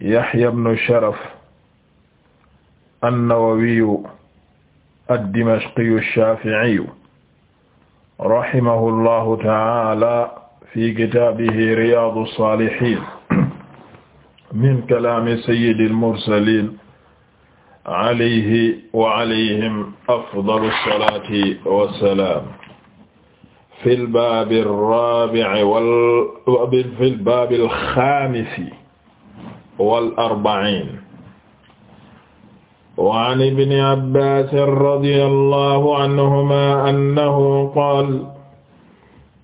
Yahya ibn Sharaf an-Nawawiyu ad-Dimashqiyu ash-Shafi'iyu rahimahullahu ta'ala fi kitaabihi Riyaadu as-Saalihiin min kalaami sayyidil mursaliin alayhi wa alayhim afdalu salaati wa salaam fil baabi ar-raabi'i wal fil baabil xaamisi wal arba'iin wa an ibni abbaasin radiyallahu anhumaa annahu qaala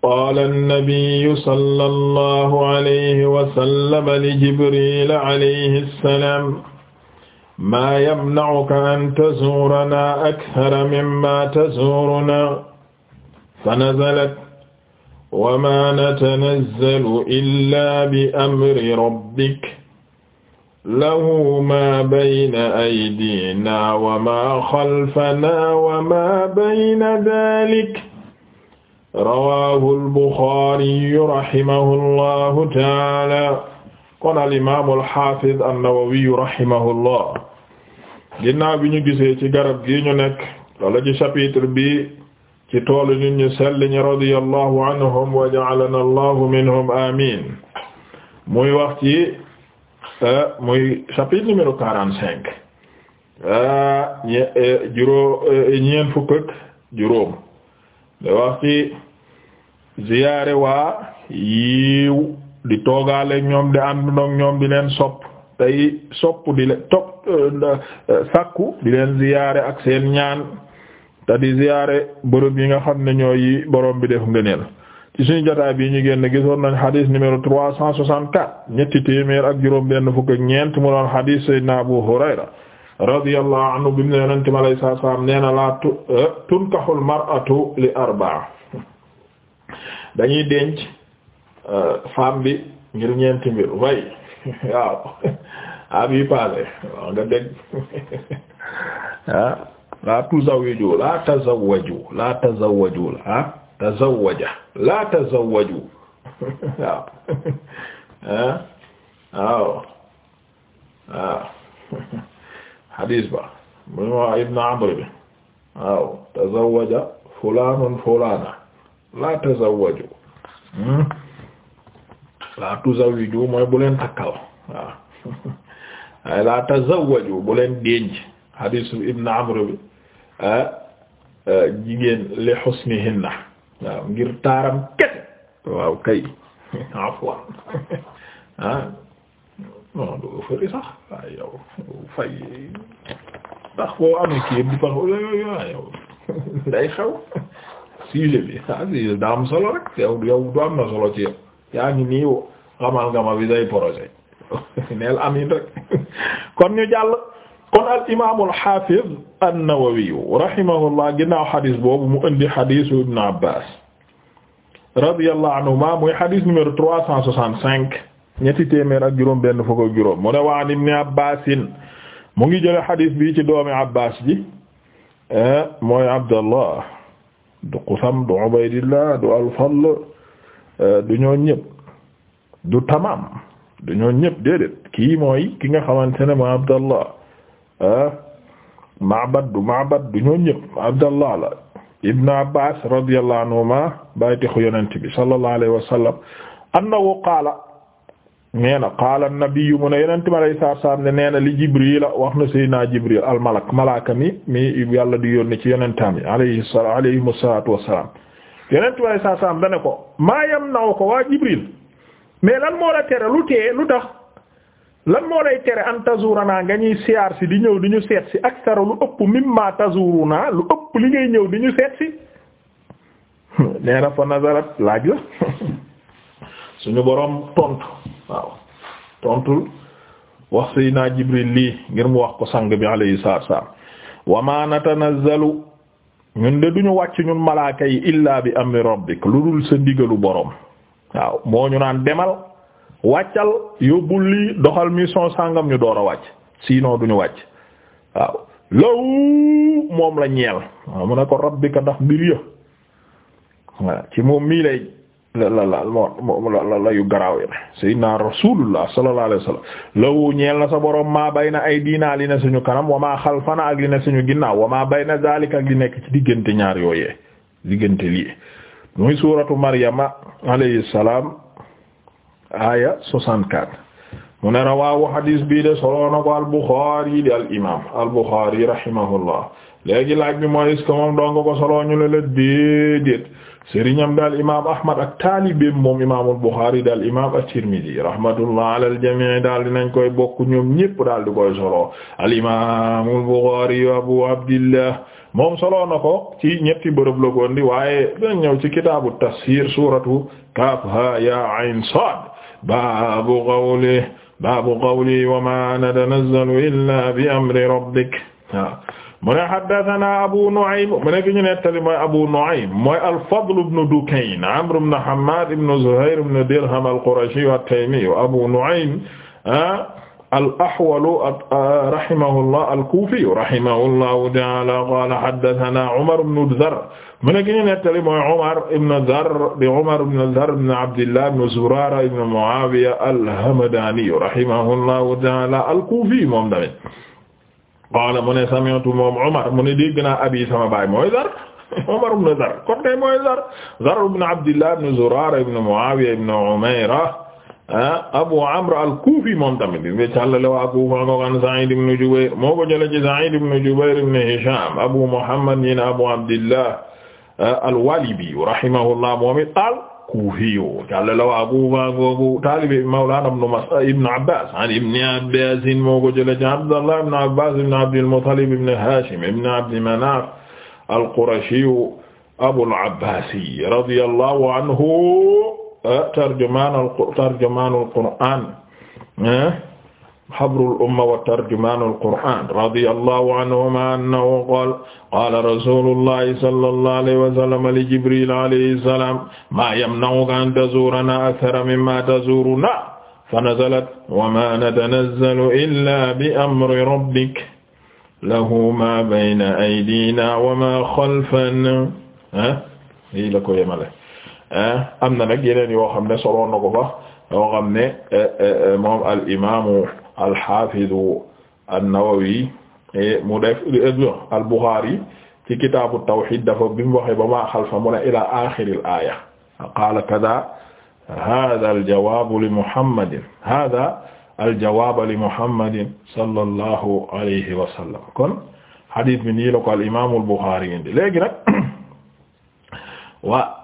qaala annabiyyu sallallahu alayhi wa sallam li jibriil alayhi salaam maa yamna'uka an tazuuranaa akthara mimmaa tazuurunaa fanazalat wa maa natanazzalu illaa bi amri rabbik lahu ma bayna aydina wa ma xalfana wa ma bayna dalik rawahu albuxaariyu rahimahu llahu taala kon alimamu alxafid annawawiyu rahimahu llah ginnaaw bi ñu gisee ci garab gi ñu nekk wala ci chapitre bi ci toolu nit ñu selliñ radi allahu anhum wa ja'alana allahu minhum amin muy wax ci Euh, muy chapitre numéro quarante cinq euh, euh, juróo ñeent fukk ak juróom da wax ziyaare waa yiiw di toogaaleeg ñoom di àndandoog ñoom di leen sop tey sopp di leen topp sàkku di leen ziyaare ak seen ñaan te di ziyaare bërëb yi nga xam ne ñooy yi borom bi def ngëneel ci suñu jotaay bi ñu génn gisoon nañ xadis numéro trois cent soixante quatre ñetti téeméer ak juróom benn fukk ak ñeent mu doon xadis Seydina Abu Hurayra radiyallahu anhu bi mu ne yonente mi salaam nee na laa euh, tunkahul mar'atu li arba'a dañuy denc euh, femme bi ngir ñeenti mbir way waaw ab yi passé nga dégg ah, laa tuzawwiju laa tazawwaju laa tazawwaju ah tazawwaja la tazawwaju waaw waaw waaw hadis ba mu ne waa Ibn Amr bi waaw tazawwaja fulaanun fulaana la tazawwaju hmm? la tuzawwiju mooy bu leen takkal waaw ay la tazawwaju bu leen denc hadis Ibn Amr bi euh, jigéen li husnihinna waaw ngir taaram kese waaw kay afwan ah non doo fëri sax waaye ah, yow ndax boo amee kii yëpp di pax yow day xew sujet bi ah sujet daa am solo rek yow du am na solo ci yow yaa ngi nii xamal nga bi day projet neel amin rek kon ñu jàll kon al imaam al xaafiz an-Nawawi rahimahullah ginnaaw xadis boobu mu indi xadisu Ibn Abbas radiyallahu anhuma muy xadis numéro trois juróom benn fukk juróom mu ne waan Ibn Abbas mu ngi jële xadis bi ci doomi Abbas ji eh, mooy Abdallah du Qusam du Ubaydillah du al-Fadl eh, du ñoo du Tamam du ñoo kii mooy ki nga xamante ne mooy Abdallah Ah, Ma'bad du Ma'bad du ñoom ñëpp Abdallah la Ibn Abbas radiyallahu anhuma bàyyi texu yonent bi sallallahu alayhi wa sallam annahu qaala nee na qaala an-nabiyyu mu ne yonent bi alayhi salaatu wa salaam ne nee na li Jibril wax na Seydina Jibril al-malak malaaka mi mi yàlla di yónni ci yonentam yi alayhi salaam alayhimu salaatu wa salaam yonent bi alayhi salaatu wa salaam da ne ko maa yamna'uka waa Jibril mais lan moo la tere lu tee lu tax. lan moo lay tere an tazurana nga ñuy siyaar si di ñëw di ñu seet si aksara lu ëpp mimma tazuruna lu ëpp li ngay ñëw di ñu seet si nee na fa nazarat laaj la suñu boroom tontu waaw tontul wax sayna Jibril lii ngir mu wax ko sang bi alayhi salaatu salaam wa ma ñun de duñu wàcc ñun malaaka yi illa bi amri rabbik lu dul sa ndigalu boroom waaw moo ñu naan demal wàccal yóbbul lii doxal mission sàngam ñu door a wàcc sinon duñu wàcc waaw law moom la ñeel waaw mu ne ko rabbika ndax mbir ya waaw ci moom mii lay la la la la yu garaaw yi sayyidina rasulullah sallallahu alayhi wasallam law ñeel na sa borom maa bay na ay diinaa li na suñu kanam wa maa xalfana ak li ne suñu ginnaaw wa maa bay na zaalika ak li nekk ci diggante ñaar yooyee diggante lii muy suuratu maryama alayhi aya 64 mu ne rawahu hadis bi de soloo na ko al-Bukhari di al imam al-Bukhari rahimahullah bi mooy est-ce que moom donga ko soloo ñu le la déedéet sëriñam daal imam ahmad ak taalibeem moom imamul Bukhari daal imam at rahmatullah ala al-jami' daal dinañ koy bokk ñoom ñépp daal di koy soloo al abu abdillah moom soloo na ko ci ñetti bërëb la ko waaye dinañ ñëw ci kitaabu tafsir suratu kaf ha ya ayn baabu qawli baabu qawli wa ma natanazzalu illa bi amri rabbik mu ne haddathana Abu Nu'aym mu nekk ñu nettali mooy Abu Nu'aym mooy al-Fadl ibn Dukayn Amr ibn Hammad ibn Zuhayr ibn Dirham al-Qurashi at-Taymi Abu Nu'aym ah, al ahwalu ah, rahimahullah al-kuufi rahimahullahu ta'aala qaala haddathanaa Umar ibn Dharr mu ne ki ñu nettali mooy Umar ibn Dharr di Umar ibn Dharr ibn Abdillah ibn Zuraara ibn Mu'aawiya al-Hamdaani rahimahullahu ta'aala al-kuufi moom tamit qaala mu ne sami'tu moom Umar mu ne dégg naa abi sama baay mooy Dharr Umar ibn Dharr kon kay mooy Dharr Dharr ibn Abdillah ibn Zuraara ibn Mu'aawiya ibn Umayra Ah, Abu Amr al-Kufi moom tamit bi tàllale waa Kufa ko an Sa'id ibn Jubayr moo ko jëlee ci Sa'id ibn Jubayr ibn Hisham Abu Muhammad ñi ne Abu Abdillah ah, al-Walibi rahimahullah moom it al-Kufi tàllale waa Kufa googu taalibe Mawlana ibn Abbas an ibn Abbas moo ko jëlee ci Abdallah ibn Abbas ibn Abdil Muttalib ibn Hashim ibn Abdi Manaf al-Qurashi Abul Abbasi radiyallahu anhu tarjumaanul tarjumaanul qur'aan habrul eh, umma wa tarjumaanul qur'aan radiyallahu anhumaa annahu qaala qaala rasuulullahi sallallahu alayhi wa sallam li jibriil alayhi salaam maa yamna'uka an tazuuranaa akthara mimmaa tazuurunaa fanazalat wa maa natanazzalu illaa bi amri rabbik lahu maa bayna aydiinaa wa maa xalfanaa eh, lii la ko yemale am na nag yeneen yoo xam ne soroon na ko fa yoo xam ne eh, eh, eh, moom al imaamu al xaafidu an-Nawawi mu def al Buxaari ci kitaabu tawxiid dafa bi mu waxee ba maa xalfa mu ne ila axiril aaya qaala kadaa haadaa al jawaabu li Muhammadin haadaa al jawaaba li Muhammadin sallallahu alayhi wa sallam kon hadith bi nii la ko al imaamul Buxaari indi léegi nag wa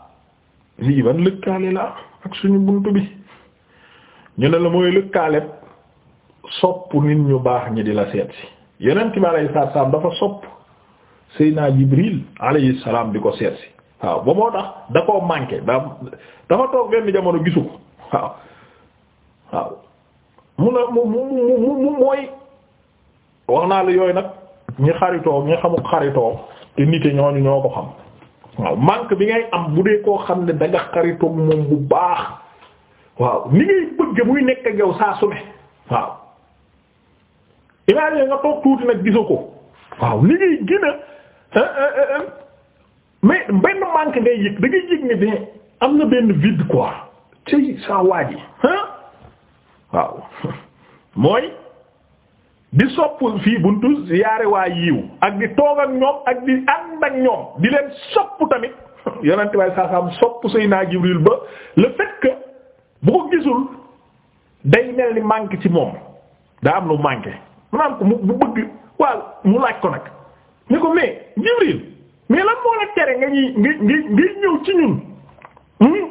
lii ban lëkkaale la ak suñu bunt bi ñu ne la mooy lëkkaale sopp nit ñu baax ñi di la seet si yeneen bi alayhi salaam dafa sopp Seydina Jibril alayhi salaam di ko seet si waaw ba moo tax da koo manqué dafa toog benn jamono gisu ko waaw waaw mu ne mu mu mu mu mooy wax naa la yooyu nag ñi xaritoo ñi xamul xaritoo te nit ñooñu ñoo ko xam waaw manque bi ngay am bu dee koo xam ne da nga xaritoog moom bu baax waaw ni bëgg muy nekk ak yow saa su ne waaw imagine nga toog tuuti nag gisoo ko waaw ni ngay gën a ah, ah, ah, mais benn manque ngay yëg da yëg ne de am na benn vide quoi ci saa waaj yi waaw mooy di sopp fii buntu ziyaare waa yiw ak di toogal ak ñoom ak di ànd ak ñoom di leen sopp tamit yonent baay saasaam sopp Seydina Jibril ba le fait que ko gisul day mel ni manque ci moom daa am lu manqué maanaam ko mu bëgg waaw mu laaj ko nag ni ko mais Jibril mais lan moo la tere nga ñuy nga nga ñëw ci ñun hmm?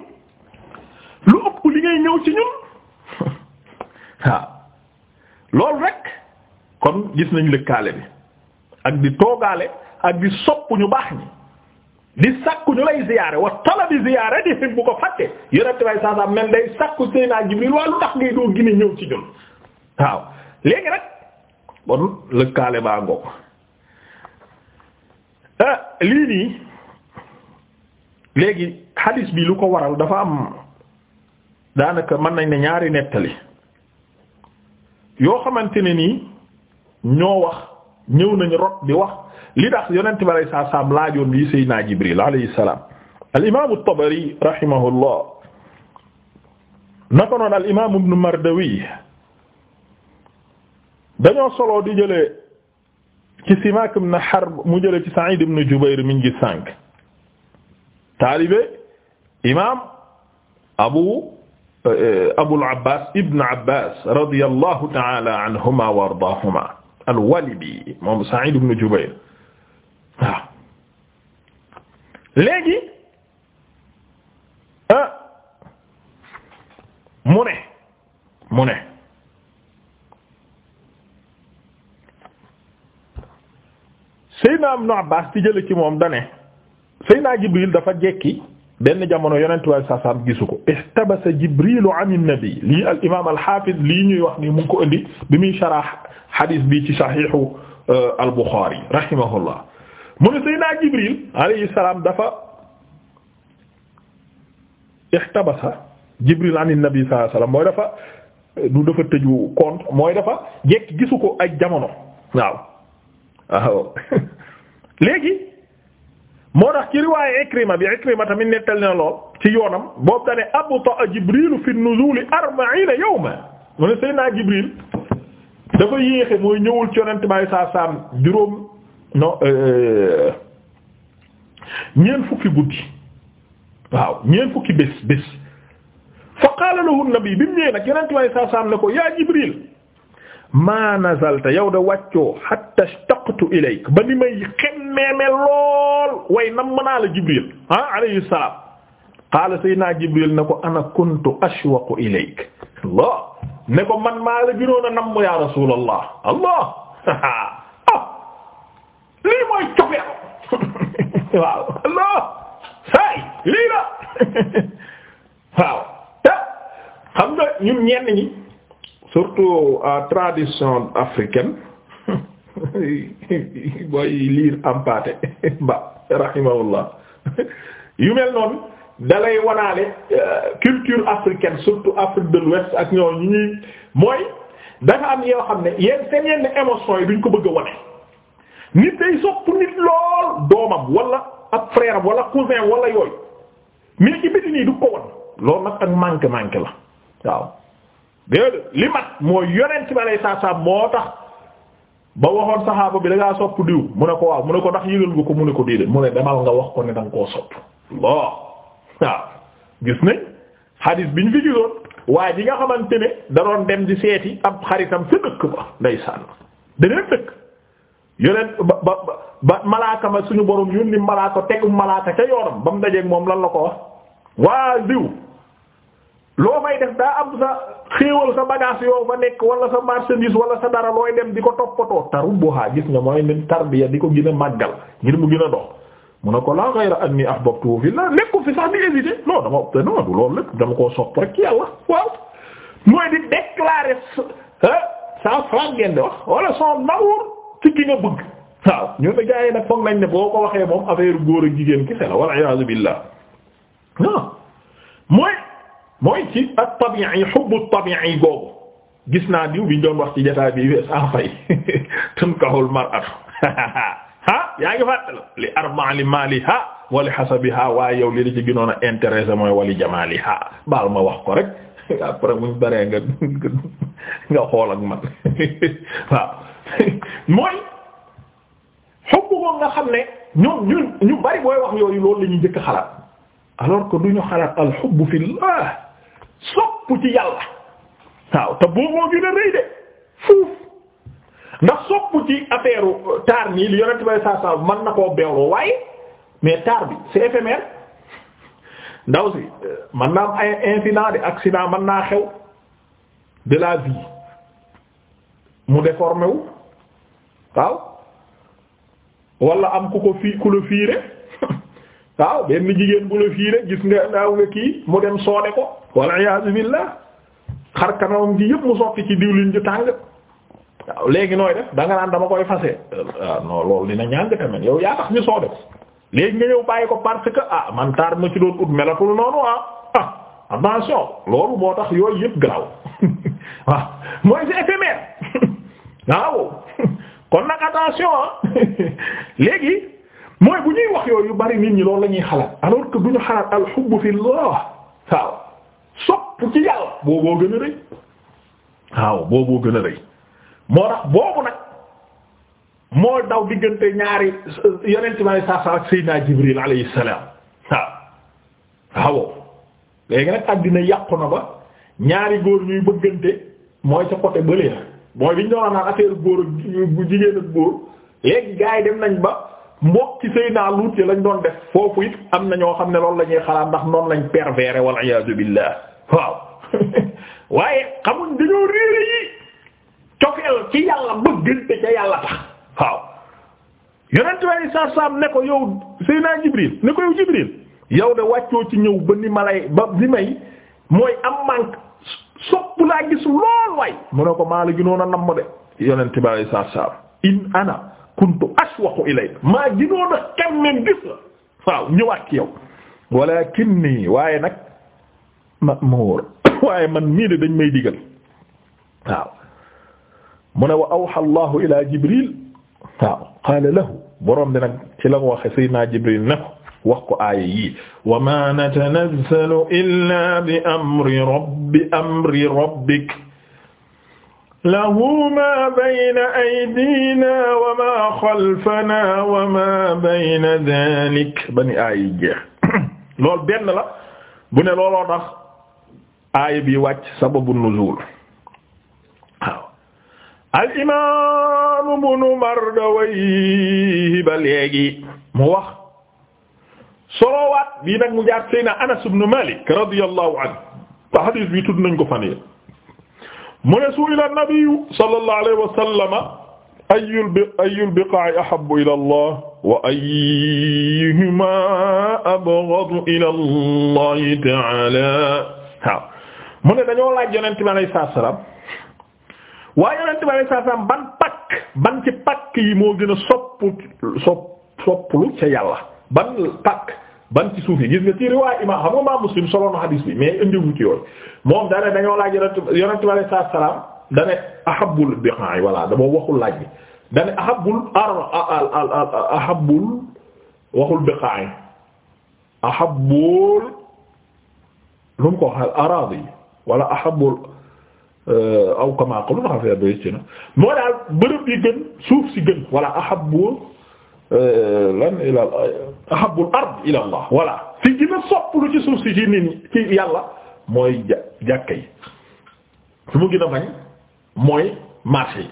lu ëpp li ngay ñëw ci ñun waaw loolu rek kon gis nañ lëkkaale bi ak di toogaale ak di sopp ñu baax ñi di sakku ñu lay ziyaare wa talabi ziyaaratihim bu ko fàtte yonent bay saa mel day sakku Seydina Jibril waa lu tax ngay doo gine ñëw ci ñun waaw léegi nag bon lëkkaale baa ngoog ah lii nii léegi hadis bi lu ko waral dafa am daanaka mën nañ ne ñaari nettali yoo xamante ne nii ñoo wax ñëw nañu rot di wax li tax yonent bi alayhi salaam laajoon bi Seydina Jibril alayhi salaam al imaam at-Tabari rahimahullah naka noon al imaam ibn Mardawi dañoo solo di jëlee ci Simaak ibn Harb mu jëlee ci Sa'id ibn Jubayr min gi sànq taalibe imaam abu eh, eh, Abul Abbas ibn Abbas radiyallahu ta'ala anhuma wa ardaahuma al-Walibi moom Sa'id ibn Jubayr waaw léegi ah mu ne mu ne Seydina Ibn Abbas di jële ci moom dane Seydina Jibril dafa jekki benn jamono yonent waaye saa saam gisu ko istabasa jibrilu an nabi lii al imaam al xaafis lii ñuy wax nii mu ngi ko indi bi muy sharaax xadiis bi ci saxiixu euh, al buxaari rahimahullah mu ne jibril alayhi salaam dafa istabasa jibril an nabi saa salaam mooy dafa du dafa tëju compte mooy dafa jekk gisu ko ay jamono waaw waaw moo tax ci riwaaye Ikrima bi Ikrima tamit nettali na lool ci yoonam boobu da ne abta Jibril fi nuzul arba'iina yawman mu ne naa Jibril dafa yéexe mooy ñëwul ci yonent bi saa saam juróom non euh, ñeent fukki guddi waaw ñeent fukki bés bés fa qaala lahu an-nabi bi mu ñëwee nag yonent bi saa saam ne ko yaa Jibril ma nazalta yow de wàccoo hatta ishtaqtu ilayk ba ni may xemmeeme lool way nam naa la Jibril ah alayhi salaam qaala sayyidina Jibril ne ko ana kuntu ashwaqu ilayk Allah ne ko man maa la gënoon a namm ya Rasulallah Allah ah lii mooy cofeel waaw Allah say lii la waaw te xam nga ñun ñenn ñi. surtout tradition africaine booy liir ampaté ba rahimahullah yu mel noonu dalay wanaale euh, culture africaine surtout Afrique de l'Ouest ak ñooñu ñuy mooy dafa am yoo xam ne yéen seen yenn émotion yi duñ ko bëgg a wane nit day sopp nit lool doomam wala ab frère am cousin wala yooyu mais ci biti nii du ko wan loolu nag ak manque manque la waaw déedéet li mat mooy yonent bi alayhi salaam moo tax ba waxoon saxaaba bi da ngaa sopp diw mu ne ko waaw mu ne ko ndax yëgal nga ko mu ne ko déedéet mu ne demal nga wax ko ne da koo sopp waaw waaw gis nañ bi biñ fi gisoon waa ji nga xamante ne da doon dem di seeti ab xaritam sa dëkk ba ndeysaan beneen dëkk yonent ba ba ba malaaka ma suñu borom yónni malaaka tegu malaaka ca yoonam ba mu dajeeg moom lan la ko wax waa diw. loo fay def daa am sa xéewal sa bagage yoo fa nekk wala sa marchandise wala sa dara looy dem di ko toppatoo tarubbuha gis nga mooy min tarbiya di ko gën a ngir mu gën a dox mu ne ko laa ghayra anni ahbabtu fillah nekku fi sax di hésité non dama te non du loolu lépp dama koo sopp rek yàlla waaw mooy di déclarer sa flamme ngeen di wax wala son amour ci ki nga bëgg waaw ñun ne gars nag foog nañ ne boo ko waxee moom affaire góor ak jigéen kese la mooy ci at-tabi'i hubbu at-tabi'i googu gis naa diw bi ñu doon wax ci jotaay bi wees en ah, fay tunkahul mar'atu ha yaa ngi fàttala li arba li maliha wa li hasabiha waaye yow li da ci gënoon a intéressé mooy wali jamaliha baal ma wax ko rek après muñ baree nga nga xool ak man waaw mooy xubbu ko nga xam ne ñoom ñun ñu bari booy wax yooyu loolu la ñuy njëkk xalaat alors que du ñu xalaat al hubbu fillah sopp ci yàlla waaw te boobu moo gën a rëy de fuuf ndax sopp ci affaire taar nii li yonent bay saa saa mën na koo beewloo waaye mais taar bi c'est éphémère ndaw si mën naa am ay incident de accident mën naa xew de la vie mu déformé waaw wala am ku ko fii ku la fiire waaw benn jigéen bu la fii rek gis nga naaw nga kii mu dem soone ko walla iyaazu billaah xar kanamam gi yëpp mu sotti ci diwlin ju tàng waaw léegi nooy def da naan dama koy fase ah non loolu dina ñàng tamit yow yaa tax ñu soone ko léegi nga ñëw bàyyi ko parce que ah man taar ma ci doon ut melatul noonu ah, ah attention loolu moo tax yooyu yëpp graw waaw mooy c'est éphémère waaw kon nag attention ah. léegi mooy bu ñuy wax yooyu bari nit ñi loolu la ñuy xalaat alors que du ñu xalaat al hubbu fillah waaw sopp ci yàlla booboo gën a rëy waaw booboo gën a rëy moo tax boobu nag moo daw diggante ñaari yonent bi alayhi salaam ak Seydina Jibril alayhi salaam waaw waaw léegi nag àddina yàqu na ba ñaari góor ñuy bëggante mooy ca côté bële la mooy bi ñu doon naan affaire góor ak jigéen góor léegi gaa yi dem nañ ba. mbokk ci Seydina Luut lañ doon def foofu it am na ñoo xam ne loolu lañuy ñuy xalaat ndax noonu lañ pervers wal iyaadu billah waaw waaye xamuñ dañoo réere yi cokeel ci yàlla bëggante ca yàlla tax waaw yonent way sar sam ne ko yow Seydina Jibril ne ko yow Jibril yow de wàccoo ci ñëw ba ni ma lay ba ni may mooy am mànk sopp laa gis lool waay mu ne ko maa la ginoon a namm de yonent bi alei sar sam in ana kuntu ashwaqu ilayka maa ginoon a xem meen gis la waaw ñëwaat ci yow walakinni waaye nag ma'mur waaye man mii de dañ may digal waaw mu ne wa awha allahu ila jibril waaw qaala lahu boroom bi nag ci la ko waxe sayyidina jibril ne ko wax ko aaya yii wa ma natanazzalu illa bi amri rabbi amri rabbik lahu ma bayna aydina wa ma xalfana wa ma bayna dalik ba ni aay yi jeex loolu benn la bu ne looloo tax aay bi wàcc sababu nuzul waaw al imaam Ibnu Mardawayh ba léegi mu wax solowaat bii nag mu jaar Seydina Anas ibnu Malik radiyallahu anhu te hadiis bi tudd nañ ko fan mu ne su'ila an-nabiyyu sallallahu alayhi wa sallama ayyul bi ayyul biqaa'i ahabbu ila Allah wa ayyuhumaa abghadu ila Allah ta'ala mu ne dañoo laaj yonent bi alayhi salaatu wa salaam waaye yonent bi alayhi salaatu wa salaam ban pakk ban ci pakk yi moo gën a sopp sopp sopplu ca yàlla ban pakk ban ci suuf yi gis nga ci riwaay imaam xam nga imaam Muslim solo na xadiis bi mais indiwu ci yooyu moom dane dañoo laaj yonent bi alayhi salaatu salaam dane ahabbul biqa'i voilà dama waxul laaj bi dane ahabbul ar ahabbul waxul biqa'i ahabbul lu mu ko waxal araadi wala ahabbul euh, aw kama qul lu ma xam fee ba ci na moo daal bërëb yi gën suuf si gën wala ahabbul Euh, lan ila ahabul ard ila allah voilà fi gën a ci suuf si ci nit ci yàlla mooy ja jàkka yi fi mu gën a bañ mooy marché yi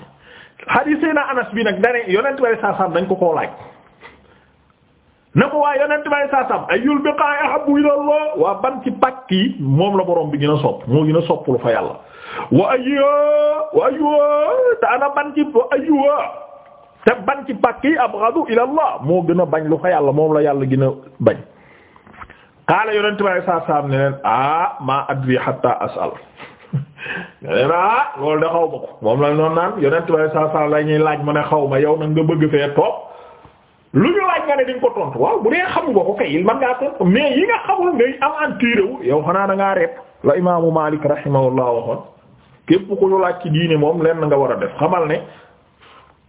hadis Seydina Anas bi nag dane yonent bari saasam dañ ko koo laaj na ko waa yonent bari saasam ayyul biqa'i ahabbu ila allah waa ban ci pàkk yi moom la borom bi gën a sopp moo gën a sopplu fa yàlla wa ayyo wa ayyo te ana ban ci wa ayyo te ban ci pàkk yi abghadu ila allah moo gën a bañ lu ko yàlla moom la yàlla gën a bañ xaala yonent bi alei saatu salaam ne leen ah ma adri hatta asal ah, loolu de xaw ma ko moom la noonu naan yonent bi alei saatu laaj ma ne xaw ma yow nag nga bëgg fee toog lu ñu laaj nga ne dañ ko tontu waaw bu dee xam nga ko kay man ngaa tontu mais yi nga xamul ngay aventure wu yow xanaa da ngaa repp la imaamu Maalik rahimahullah waxoon képp ku ñu laaj ci diine moom lenn war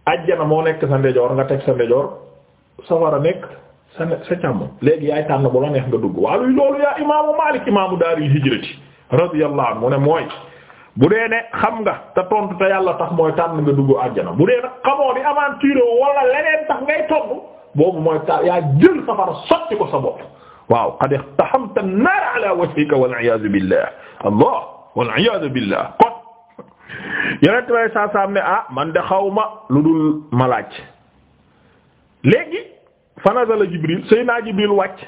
ajjana moo nekk sa ndejoor nga teg sa ndejoor sawara nekk sa sa càmm léegi yaay tànn bu la neex nga dugg waaw loolu yaa imaamu Maalik imaamu daaru hijrati radiyallahu anhu mu ne bu dee ne xam nga te tontu te yàlla tax mooy tànn nga dugg ajjana bu dee nag xamoo di aventure wala leneen tax ngay mooy ta yaa jël safara sotti ko sa bopp waaw qad iqtahamta an-naar ala wajhika wal iyaazu billah allah wal iyaazu billah yonent bay saa saam ne ah man de xaw ma lu dul ma laaj léegi fanazala jibril sayna jibril wàcc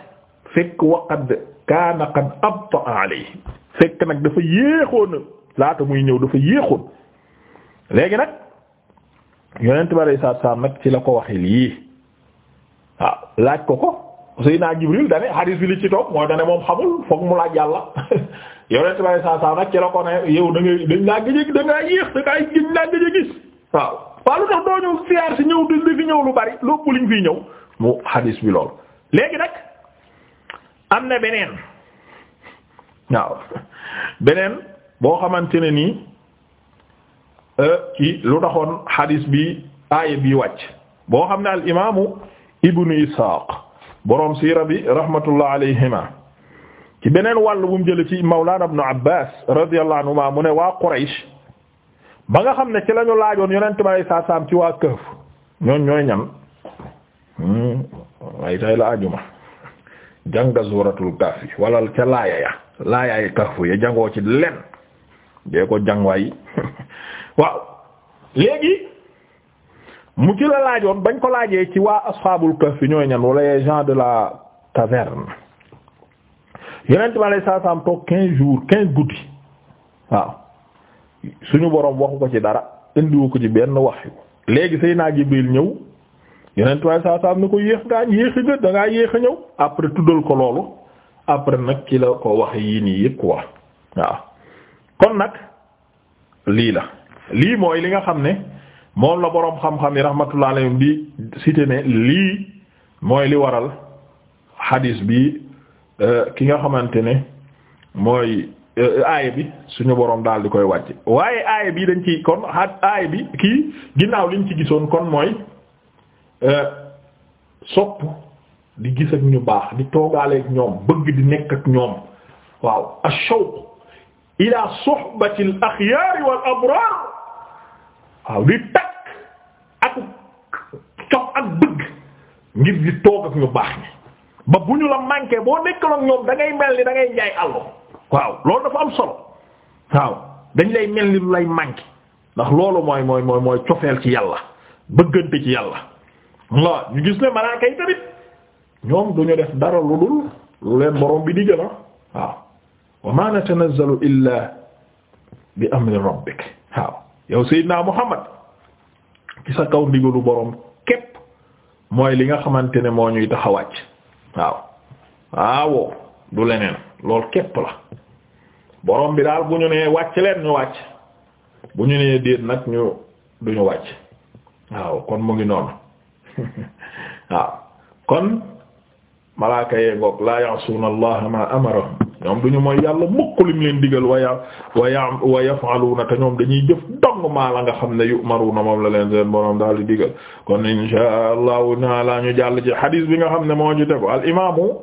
fekk waqad kaana qad abta alayhi fekk nag dafa yéexoon laata muy ñëw dafa yéexoon léegi nag yonent bay saa saam nag ci la ko waxee yii waaw ah, laaj ko ko sayna jibril dane hadis bi li ci toog mooy dane moom xamul foog mu laaj yàlla yonent bi saa saa nag ci la ko ne yow da ngay da ngaa yéex da ngaa gëj laa gis waaw waaw lu tax doo ñëw siyaar si ñëw di fi ñëw lu bari lu ëpp liñ ñëw mu hadis bi lool léegi nag am na beneen waaw beneen boo xamante ne nii ki euh, lu taxoon hadis bi aaya bi wàcc boo xam ne al imaamu ibnu Isaaq borom siira bi rahmatullah alayhima ci beneen wàll bu mu jële ci Mawlana ibn Abbas radiyallahu anhuma mu ne waa Quraysh ba nga xam ne ci lañu laajoon yonent ma saa ci waa Kahf ñoon ñooy ñan waaye hmm, tay la ajuma jànga suuratul Kahf yi wala ca laaya ya laayaay Kahf ya jangoo ci len dee ko jàng waay waaw léegi mu ci la laajoon bañ ko laajee ci waa ashabul Kahf ñooy ñan wala les gens de la caverne yeneen bi alay saa saam toog quinze jours quinze guddi waaw suñu boroom waxu ko ci dara indiwu ko ci benn wax yu léegi Seydina Jibril ñëw yeneen bi alay saa saam ni ko yéex ngaa yéexi nga dangaa yéex a ñëw après tuddal ko loolu après nag ki la ko wax yi nii yëpp quoi waaw kon nag lii la lii mooy li nga xam ne moom la boroom xam-xam yi rahmatullah alayhim di cité ne lii mooy li waral hadis bi Euh, ki nga xamante ne mooy euh, aaya bi suñu boroom daal di koy wàcc waaye aaya bi dañ ci kon aaya bi kii ginnaaw liñ ci gisoon kon mooy euh, sopp di gis ak ñu baax di toogaale ak ñoom bëgg di nekk ak ñoom waaw ash-shawq ila suhbati al-akhyar wal abrar waaw di takk ak cox ak bëgg ngir di toog ak ñu baax ñi ba bu ñu la manqué boo nekkal ak ñoom dangay mel ni da ngay jaay waaw loolu dafa am solo waaw dañ lay mel ni lu lay manqué ndax loolu mooy mooy mooy mooy cofeel ci yàlla bëggante ci yàlla waaw ñu gis ne malaaka yi tamit ñoom duñu def dara lu lu leen borom bi digga na ah. waaw wa ma natanazzalu illa bi amri rabbik waaw yow sayyidina muhammad ci sa kaw ndigalu borom képp mooy li nga xamante ne moo ñuy taxawàcc waaw waawoo du leneen lool képp la borom bi daal bu ñu nee wàcc leen ñu wàcc bu ñu nee déet nag ñu du ñu wàcc waaw kon mu ngi noonu waaw kon malaaka yee goog laa ya'suuna allaha ma amarahum ñoom duñu mooy yàlla mukk lim leen digal wa ya wa ya wa yafaaluuna te ñoom dañuy jëf dong maa la nga xam ne yu'maruna moom la leen seen borom daal di digal kon insha allahu taala ñu jàll ci hadith bi nga xam ne moo ci tegu al imaamu